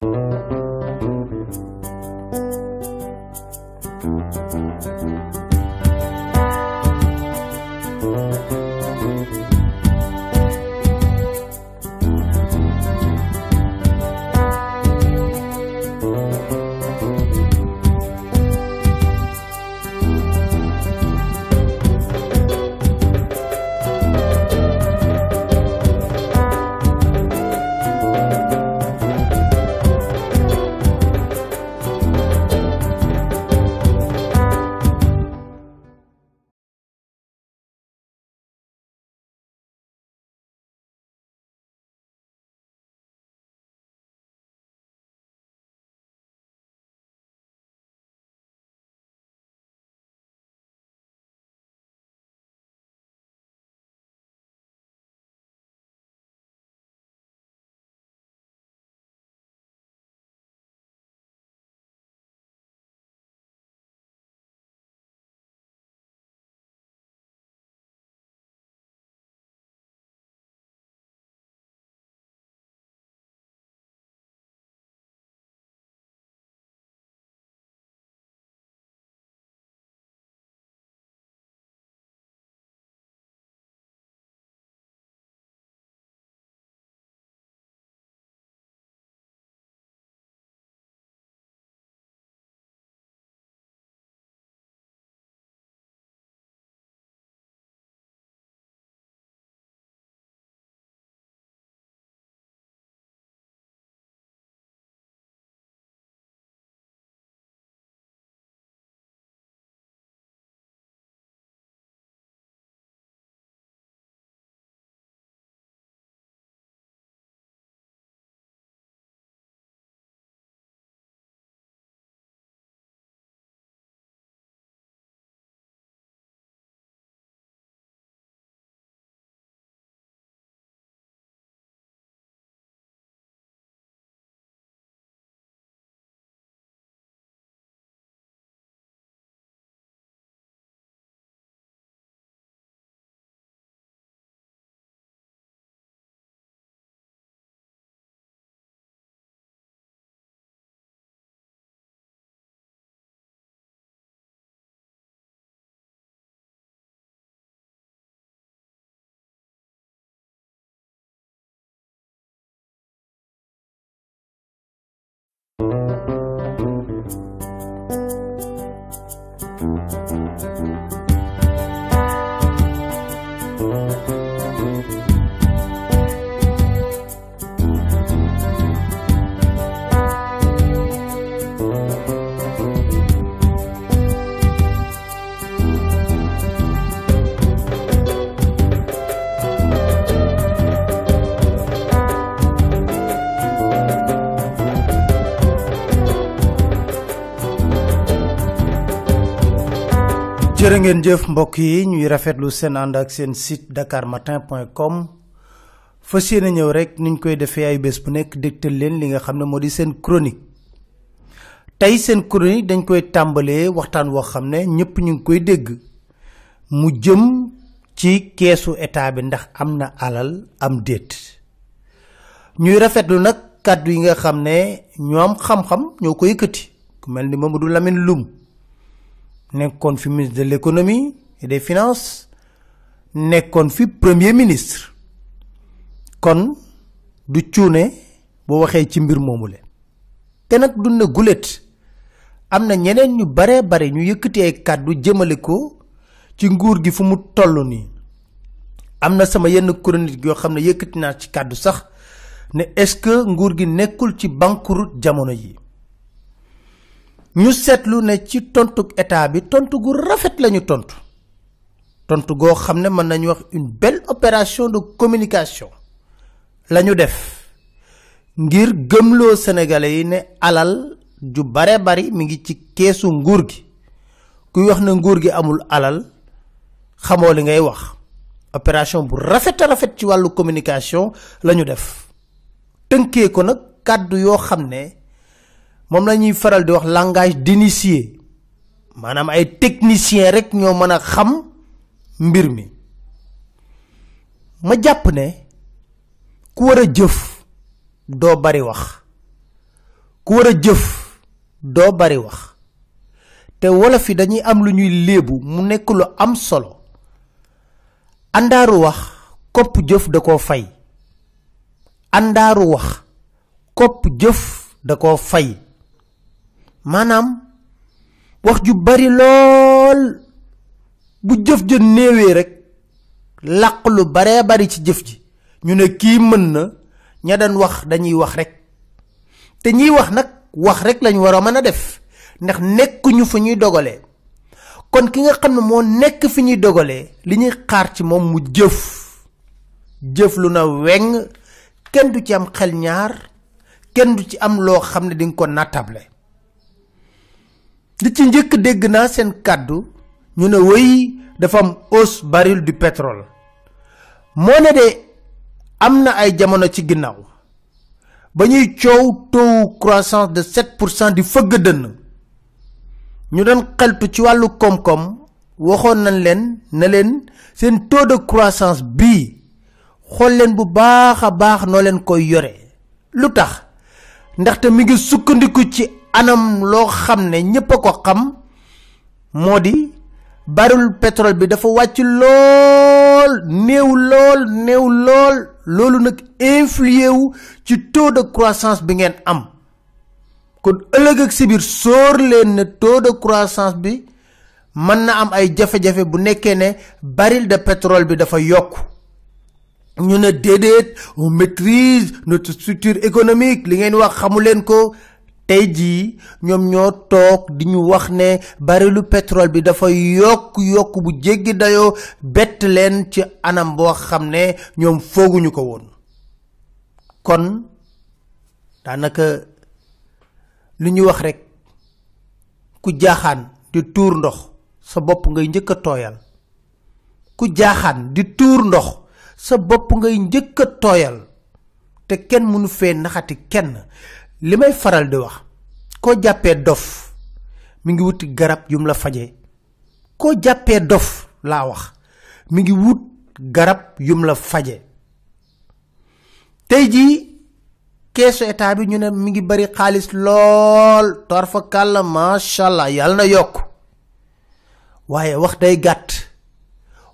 Thank you. Thank you. jërë ngeen jëf mbokk yi ñuy rafetlu seen ànd ak seen site dakarmatin.com fas yéene ñëw rek niñ koy defee ay bés bu nekk dégtal leen li nga xam ne moo di seen chronique tey seen chronique dañ koy tàmbalee waxtaan woo xam ne ñu ngi koy dégg mu jëm ci keesu état bi ndax am alal am déet ñuy rafetlu nag kàddu yi nga xam ne ñoom xam-xam ñoo ko ku mel ni mamadou lamine lum nekkoon fi ministre de l'économie et des finances nekkoon fi premier ministre kon du cuune bu waxee ci mbir moomu leen te nag du ne gulet am na ñeneen ñu bare bare ñu yëkkati ay kàddu jëmale ko ci nguur gi fu mu toll nii am na sama yenn chronique yoo xam ne yëkkati naa ci kàddu sax ne est-ce que nguur gi nekkul ci banqueroute jamono yi ñu seetlu ne ci tontuk état bi tontu gu rafet lañu tontu tontu hamne xam man nañ wax une belle opération de communication lañu def ngir gëmlo sénégalais yi ne alal ju bare bari mi ngi ci keesu nguur gi ku wax na nguur gi amul alal xamo li ngay wax opération bu rafet rafet ci walu communication lañu def tënkee ko nak kaddu yo mom lañuy faral di wax langage d'initié manam ay technicien rek ñoo mëna xam mbir mi ma japp ne ku wara jëf do bari wax ku wara jëf do bari wax te wala fi dañuy am lu ñuy lebu mu nekk lu am solo andaaru wax kopp jëf da ko fay andaaru wax kopp jëf da ko fay manam wax ju bari lol bu jëf ja néewee rek laq lu bare bari ci jëf ji ñu ne kii mën na ña dañ wax dañuy wax rek te ñi wax nak wax rek lañ wara mëna def ndax ñu fu ñuy dogalee kon ki nga xamne ne moo nekk fi ñuy dogalee li ñuy xaar ci mom mu jëf jëf lu na weng kenn du ci am xel ñaar kenn du ci am loh xamne ding ko li ci njëkk dégg naa seen kàddu ñu ne hausse baril du pétrole moo de am na ay jamono ci taux croissance de 7 du cent di fëgg dënn ñu doon xeltu ci wàllu koom-koom nañ taux de croissance bi xol leen bu baax a baax noo koy yore anam lo xamne ne ko xam modi di barul petrol bi dafa wacc lol new lol new lol lolou nak influer ci taux de croissance bi ngeen am kon ëllëg ak sibir biir leen ne taux de croissance bi mën na am ay jafe-jafe bu nekkee ne baril de pétrole bi dafa yokk ñu ne déedéet on maîtrise notre structure économique li ngeen wax xamu ko tey jii ñoom ñoo di ñu wax ne barilu pétrole bi dafa yokk yokk bu jéggi dayo bett leen ci anam boo xam ne ñoom fooguñu ko kon daanaka lu ñu wax rek ku jaaxaan di tuur ndox sa bopp ngay njëkk a ku jaaxaan di tuur ndox sa bopp ngay njëkk a tooyal te kenn mënu fee naxati kenn limay faral di wax ko jappé dof mi ngi wuti garab yum la fajé ko jappé dof la wax mi ngi wut garab yum la fajé tay ji état bi ñu ne mi ngi bari xaliss lol torfa ma sha allah yal na yok waye wax day gatt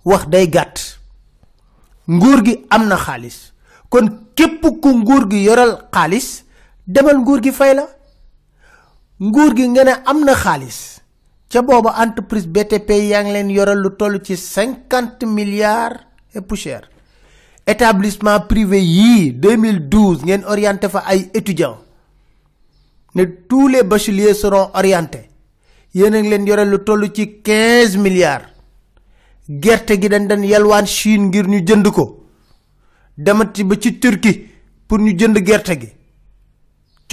wax day gatt nguur gi amna xaliss kon képp ku nguur gi yoral xaliss demal nguur gi fay la nguur gi nga ne am na xaalis ca booba entreprise BTP yaa ngi leen yoral lu toll ci cinquante milliards et poussière établissement privé yii 2012 ngeen orienté fa ay étudiants ne tous les bacheliers seront orientés yéen a ngi leen yoral lu toll ci quinze milliards gerte gi dañ dañ yalwaan Chine ngir ñu jënd ko demat ci ba ci Turquie pour ñu jënd gerte gi.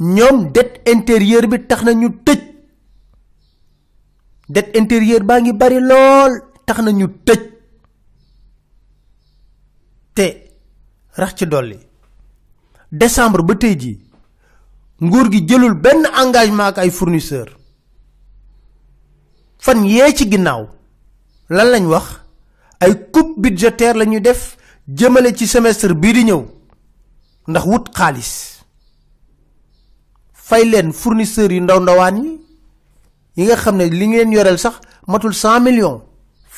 ñom det intérieur bi taxna nyut ñu tejj interior intérieur barilol ngi bari lol taxna ñu tejj te rax ci dolli décembre ba tay ji nguur gi jëlul ben engagement ak ay fournisseur fan ye ci ginnaw lan lañ wax ay coupe budgétaire lañu def jëmele ci semestre bi di ñëw ndax wut fay leen fournisseurs yu ndaw ndawaan yi yi nga xam ne li ngeen yoreel sax matul cent million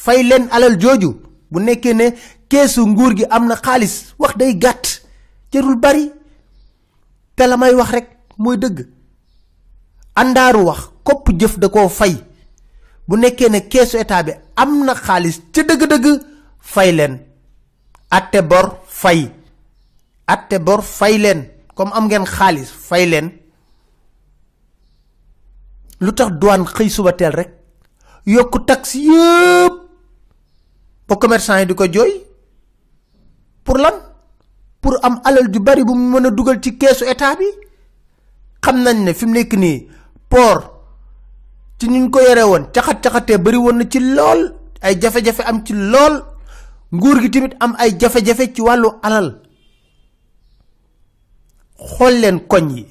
fay leen alal jooju bu nekkee ne keesu nguur gi am na xaalis wax day gàtt jërul bari te la may wax rek mooy dëgg àndaaru wax kopp jëf da koo fay bu nekkee ne keesu état bi am na xaalis ca dëgg-dëgg fay leen atte bor fay atte bor fay leen comme am ngeen xaalis fay leen lu tax douane xey suba tel rek yokku taxi yeb ba commerçant yi diko ko pour lan pour am alal ju bari bu muno duggal ci caisse état bi xam nañ ne fim nek ni port ci ñu ko yore woon bari won na ci lol ay jafe-jafe am ci lol nguur gi timit am ay jafe-jafe ci walu alal xol len koñ yi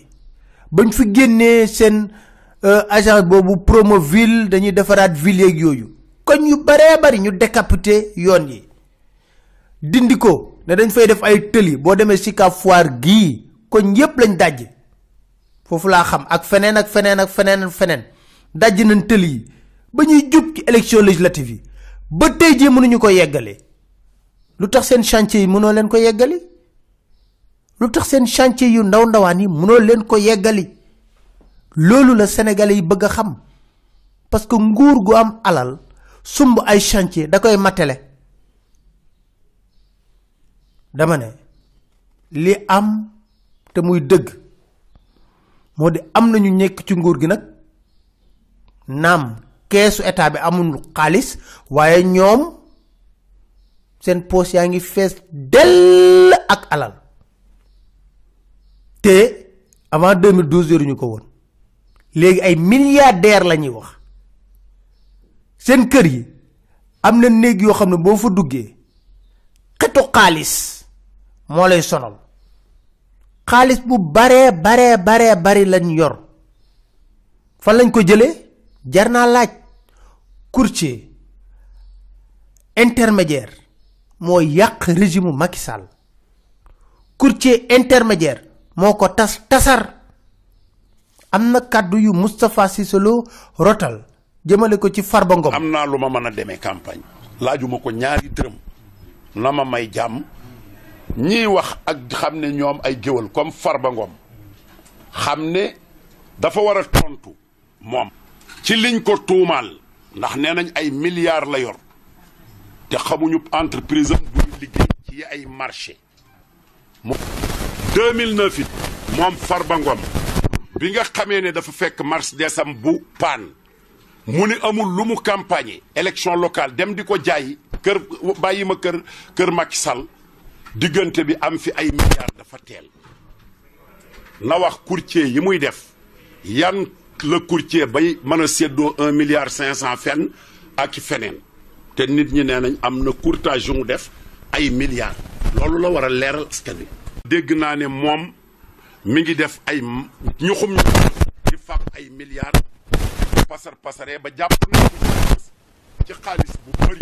bañ fi génné sen Euh, agence boobu ville dañuy defaraat ville yeeg yooyu koñ yu baree bari ñu décapité yoon yi dindi ko ne dañ fay def ay tëli boo demee Sicap Foire gii koñ yépp lañ dàjj foofu laa xam ak feneen ak feneen ak feneen ak feneen dajj nañ tëli yi ba ñuy jub ci élection législative yi ba tey jii mënuñu ko yeggale lu tax seen chantier yi mënoo leen ko yeggali lu tax seen chantier yu ndaw ndawaan yi mënoo leen ko yeggali loolu la sénégalais yi bëgg a xam parce que nguur gu am alal sumb ay chantier da koy matale dama ne li am te muy dëgg moo di am nañu nekk ci nguur gi nag naam keesu état bi amul xaalis waaye ñoom seen poos yaa ngi fees dell ak alal te avant 2012 yoruñu ko woon léegi ay milliardaire la ñuy wax seen kër yi am na néeg yoo xam ne boo fa duggee xetu xaalis moo lay sonal xaalis bu baree baree baree bari lañ yor fan lañ ko jëlee jar naa laaj courtier intermédiaire moo yàq régime Macky Sall courtier intermédiaire moo ko tas tasar am na kàddu yu Moustapha Cissé Lo rotal jëmale ko ci Farba Ngom. am naa lu ma mën a demee campagne laajuma ko ñaari dërëm na ma may jàmm ñiy wax ak xam ne ñoom ay géwal comme Farba Ngom xam ne dafa war a tontu moom. ci liñ ko tuumaal ndax nee nañ ay milliards la yor te xamuñu entreprise am liggéey ci ay marché. moom 2009 it moom bi nga xamee ne dafa fekk mars desam bu paan mu ni amul lu mu campagne élection locale dem di ko jaay kër bàyyi ma kër kër Macky sal diggante bi am fi ay milliards dafa teel na wax courtier yi muy def yan la courtier bay mën a séddoo un milliard cinq cent fenn ak feneen te nit ñi nee nañ am na courtage yu mu def ay milliards loolu la war a leeral askan dégg naa ne moom mi ngi def ay ñu xum ñu di fab ay milliards pasar pasaree ba jàpp ci xaalis bu bëri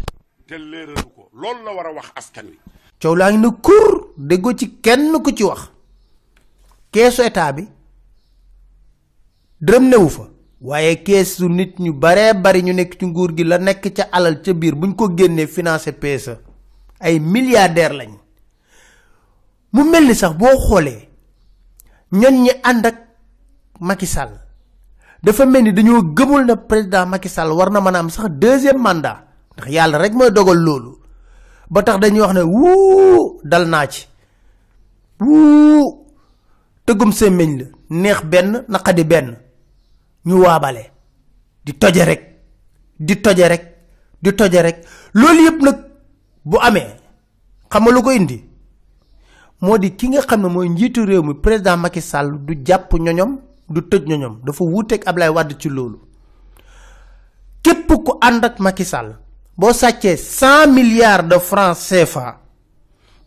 te leeralu ko loolu la war a wax askan wi. coow laa ngi ne kur déggoo ci kenn ku ci wax keesu état bi dërëm newu fa waaye keesu nit ñu baree bari ñu nekk ci nguur gi la nekk ca alal ca biir buñ ko génnee financé PSE ay milliardaires lañ mu mel ni sax boo xoolee. ñoon ñi ànd ak Macky Sall dafa mel ni dañoo gëmul na président Macky Sall war na mën a am sax deuxième mandat ndax yàlla rek mooy dogal loolu ba tax dañuy wax ne wuu dal naa ci wuu tëggum semmiñ la neex benn naqadi benn ñu waabale di toje rek di toje rek di toje rek loolu yëpp nag bu amee xam nga lu ko indi moo di ki nga xam ne mooy njiitu réew mi président Macky Sall du jàpp ñoñom du tëj ñoñom dafa wuuteeg Ablaye Wade ci loolu képp ko ànd ak Macky sàll boo sàccee cent milliards de francs CFA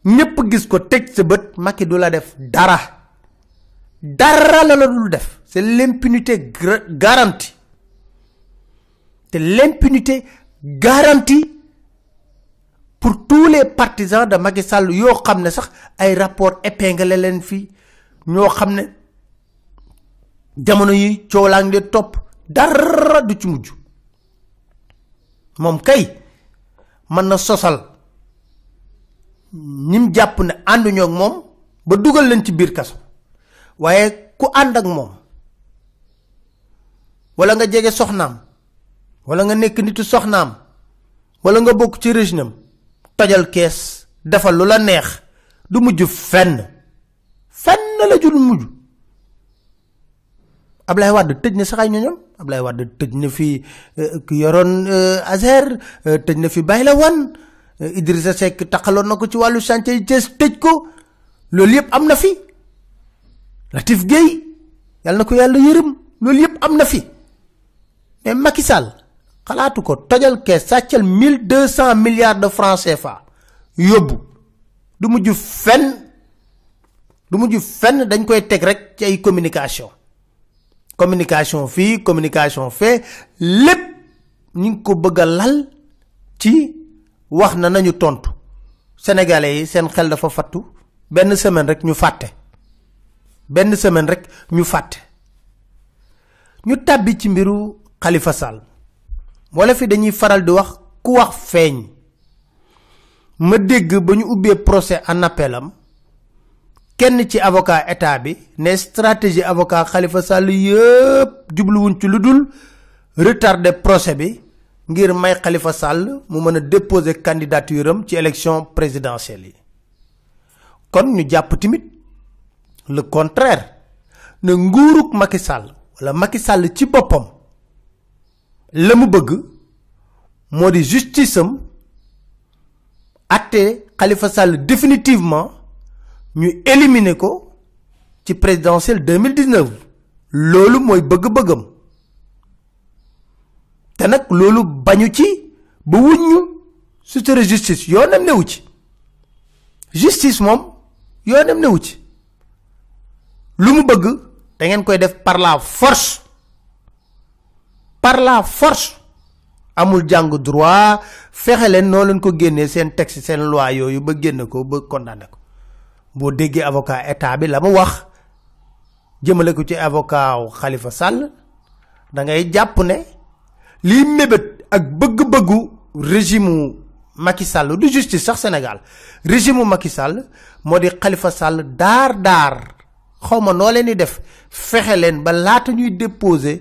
ñépp gis ko tëj sa bët Macky du la def dara dara la la dul def c'est l'impunité garantie te l'impunité garantie pour tous les partisans de Macky Sall yo xamne sax ay rapport épinglé len fi ño xamne jamono yi ciolang de top dara du ci muju mom kay man na sosal ñim japp ne andu ñok mom ba duggal len ci bir kasso waye ku and ak mom wala nga jégué soxnam wala nga nek nitu soxnam wala nga bok ci régime tojal kees defal lu la neex du mujj fenn fenn la jul mujj Ablaye Wade tëj na sax ay ñoñom Ablaye Wade tëj na fi euh, ki yoroon euh, Azer euh, tëj na fi Bayla Wan Idrissa Seck taxaloon na ko ci wàllu chantier yi Thiès tëj ko loolu yëpp am na fi Latif Guèye yàlla na ko yàlla yërëm loolu yëpp am na fi mais Macky xalaatu ko tojal kees sàccal mille deux milliards de francs CFA yóbbu du mujj fenn du mujj fenn dañ koy teg rek ci ay communication communication fii communication fee lépp ñu ngi ko bëgg a lal ci wax na nañu tontu sénégalais yi seen xel dafa fattu benn semaine rek ñu fàtte benn semaine rek ñu fàtte ñu tabbi ci mbiru Khalifa Sall wolof fi dañuy faral di wax ku wax feeñ ma dégg ba ñu ubbee procès en appelam kenn ci avocat état bi ne stratégie avocat Khalifa Sall yëpp jubluwuñ ci lu dul retardé procès bi ngir may Khalifa Sall mu mën a déposer candidature am ci élection présidentielle yi kon ñu jàpp timit le contraire ne nguurug Macky Sall wala Macky Sall ci boppam lamu bëgg moo justice am atte Khalifa Sall définitivement ñu éliminer ko ci présidentiel 2019 loolu mooy bëgg-bëggam te nag loolu bañu ci ba wuññu sutura justice yoonam newu ci justice moom yoonam newu ci lu mu bëgg da ngeen koy def par la force par la force amul jàng droit fexe leen noo leen ko génnee seen texte seen loi yooyu ba génn ko ba condamné ko boo déggee avocat état bi la mu wax jëmale ko ci avocat xalifa sàll da ngay jàpp ne liy mébét ak bëgg-bëggu régime Macky Sall du justice sax Sénégal régime mu Macky Sall moo di xalifa Sall daar daar xaw ma noo leen di def fexe leen ba laata ñuy déposer.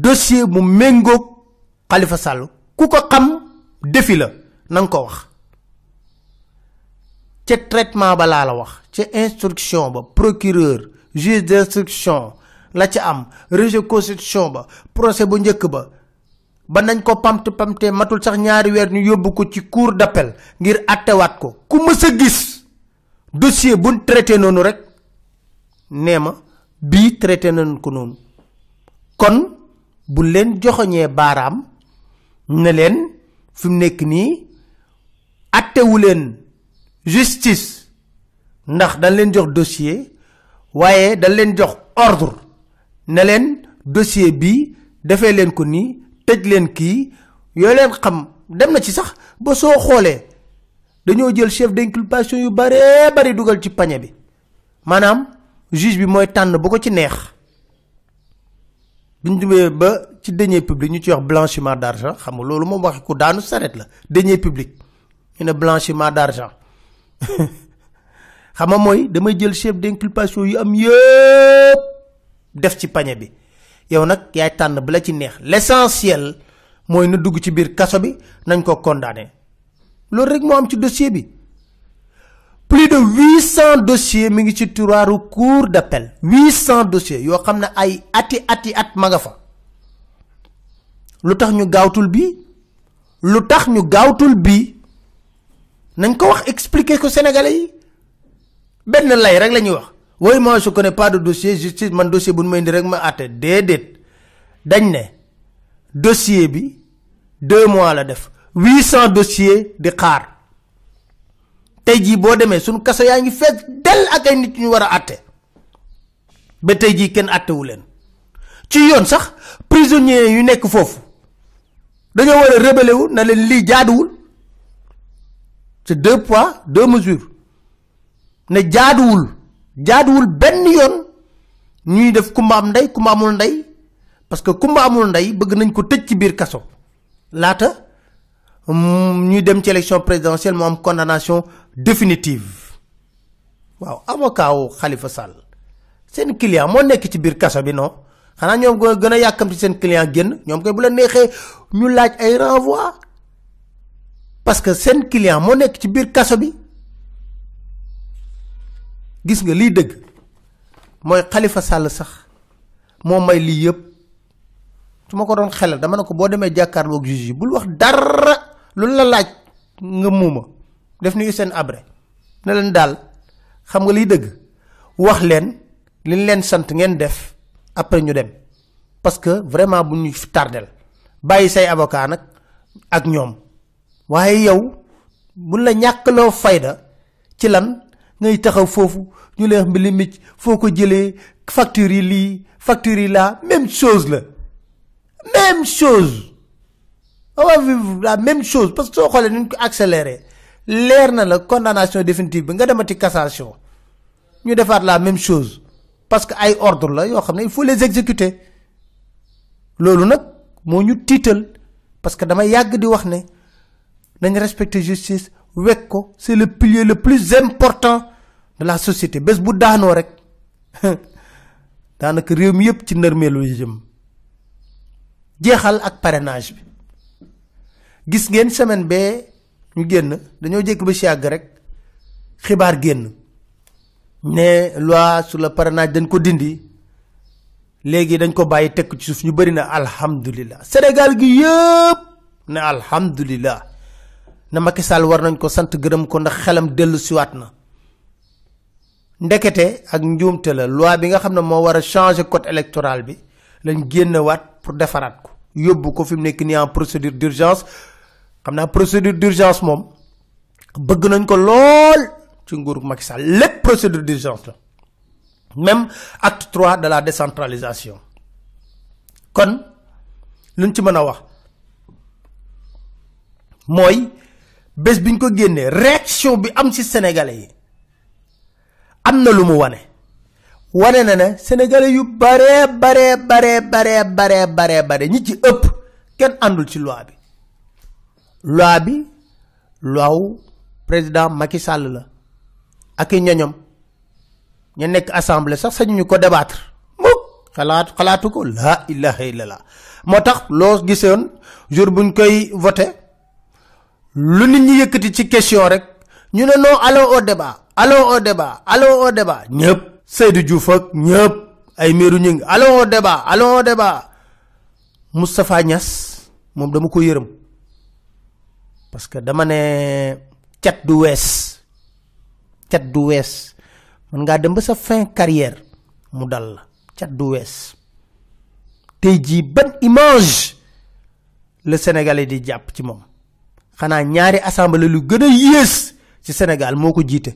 dossier bu méngoog Khalifa Sall ku ko xam defi la na nga ko wax ca traitement ba laa la wax ca instruction ba procureur juge d'instruction la ca am rejet constitution ba procès bu njëkk ba ba nañ ko pamt pamte matul sax ñaari weer ñu yóbbu ko ci cour d'appel ngir attewaat ko ku mës a gis dossier bu traité noonu rek nee ma bii traité nañ ko noonu kon bu leen joxoñee baaraam ne leen fi mu nekk nii attewu leen justice ndax dañ leen jox dossier waaye dañ leen jox ordre ne leen dossier bi defee leen ko nii tëj leen kii yoo leen xam dem na ci sax ba soo xoolee dañoo jël chef d'inculpation yu bare bari dugal ci pañe bi maanaam juge bi mooy tànn bu ko ci neex bu ñu demee ba ci deniers public ñu ci wax blanchiment d' argent xam nga loolu moom wax ku daanu saret la deniers public ñu ne blanchiment d' argent xam nga mooy damay jël chef d' inculpation yu am yëpp def ci pañe bi yow nag yaay tànn ba ci neex l' essentiel mooy na dugg ci biir kaso bi nañ ko condamné loolu rek moo am ci dossier bi plus de 800 dossiers mi ngi ci turaaru cour d'appel 800 dossiers yo xam ay ati ati at maga fa lu ñu gawtul bi lutax ñu gawtul bi nañ ko wax expliquer ko sénégalais yi ben lay rek la wax oui moi je connais pas de dossier justice man dossier buñ ñu may indi rek ma até déedéet dañ né dossier bi deux mois la def 800 dossiers di xaar tey jii boo demee suñu kaso yaa ngi fees del ak ay nit ñu wara atté àtte ba tey ken atté wu len ci yoon sax prisonnier yu nek fofu dañu wara a wu na leen lii jaaduwul ci deux poids deux mesures ne jaaduwul jaaduwul ben yoon ñuy def kumba am nday kumba amul nday parce que kumba amul nday bëgg nañ ko tëj ci biir kasso laata mm, ñuy dem ci élection présidentielle mo am condamnation définitive waaw avocat wu Khalifa seen client moo nekk ci biir kaso bi non xanaa ñoom ko gën a yàkkamti seen client génn ñoom koy bu la neexee ñu laaj ay renvoi parce que seen client moo nekk ci biir kaso bi gis nga liy dëgg mooy xalifa Sall sax moo may lii yëpp su ma ko doon xelal dama ne ko boo demee jàkkaarloog juge yi bul wax dara lu la laaj nga muuma def nuyu seen abré ne leen daal xam nga liy dëgg wax leen liñ leen sant ngeen def après ñu dem parce que vraiment bu ñu tardel bàyyi say avocat nag ak ñoom waaye yow buñ la ñàkkaloo fayda ci lan ngay taxaw foofu ñu leex mbi li mic foo ko jëlee factures yi lii factures yi laa même chose la même chose on la même chose parce que soo xoolee ni ñu ko accéléré leer na la condamnation définitive bi nga demati cassation ñu defaat la même chose parce que ay ordre la yoo xam ne il faut les exécuter loolu nag moo ñu tiital parce que dama yàgg di wax ne nañ respecter justice wekk ko c'est le pilier le plus important de la société bés bu daanoo rek daanaka réew mi yëpp ci nërmeelu yi jëm jeexal ak parrainage bi gis ngeen semaine bee ñu génn dañoo jékki ba si àgg rek xibaar génn ne loi sur le parrainage dañ ko dindi léegi dañ ko bàyyi tekk ci suuf ñu bëri na alhamdulilah Sénégal gi yëpp ne alhamdulilah na Macky Sall war nañ ko sant gërëm ko ndax xelam dellu siwaat na ndekete ak njuumte la loi bi nga xam ne moo war a changer code électoral bi lañ génnewaat pour defaraat ko yóbbu ko fi mu nekk nii en procédure d'urgence xamna procédure d'urgence mom bëgg nañ ko lool ci nguurug Macky Sall procédure d'urgence la même acte trois de la décentralisation kon luñ ci mëna wax moy bés biñ ko génné réaction bi am ci sénégalais yi am lu mu wane wane na sénégalais yu bare bare bare bare bare bare bare ñi ci ëpp kenn andul ci loi bi loi bi loi président Macky Sall la ak i ñoñom ñu nekk assemblée sax sañu ñu ko débattre mukk xalaat xalaatu ko laa ilaha illallah moo tax loo gisoon jour buñ koy voté lu nit ñi yëkkati ci question rek ñu ne noo allons au débat allons au débat allons au débat ñëpp Seydou ay meeru ñu ngi allons moom dama ko yërëm parce que dama ne cet du wess cet du wess man nga dem ba sa fin carrière mu dal la du wess tay ji ban image le sénégalais di japp ci mom xana ñaari assemblée lu gëna yes ci sénégal moko jité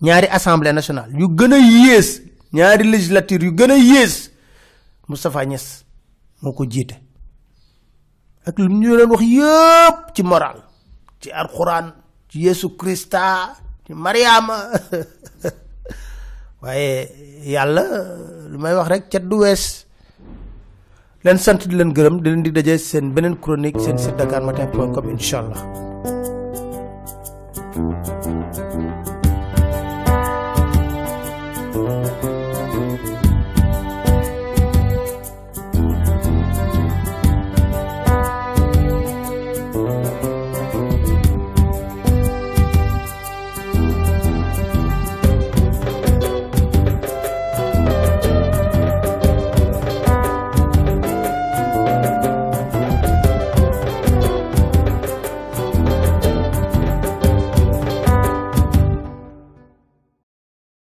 ñaari assemblée nationale yu gëna yes ñaari législature yu gëna yes Moustapha Niass moko jité ak lu ñu leen wax yëpp ci moral ci alxuraan ci Yesu Krista ci Mariama waaye yàlla lu may wax rek cat du wees leen sant di leen gërëm di leen di daje seen beneen chronique seen site dakarmatin point com incha allah.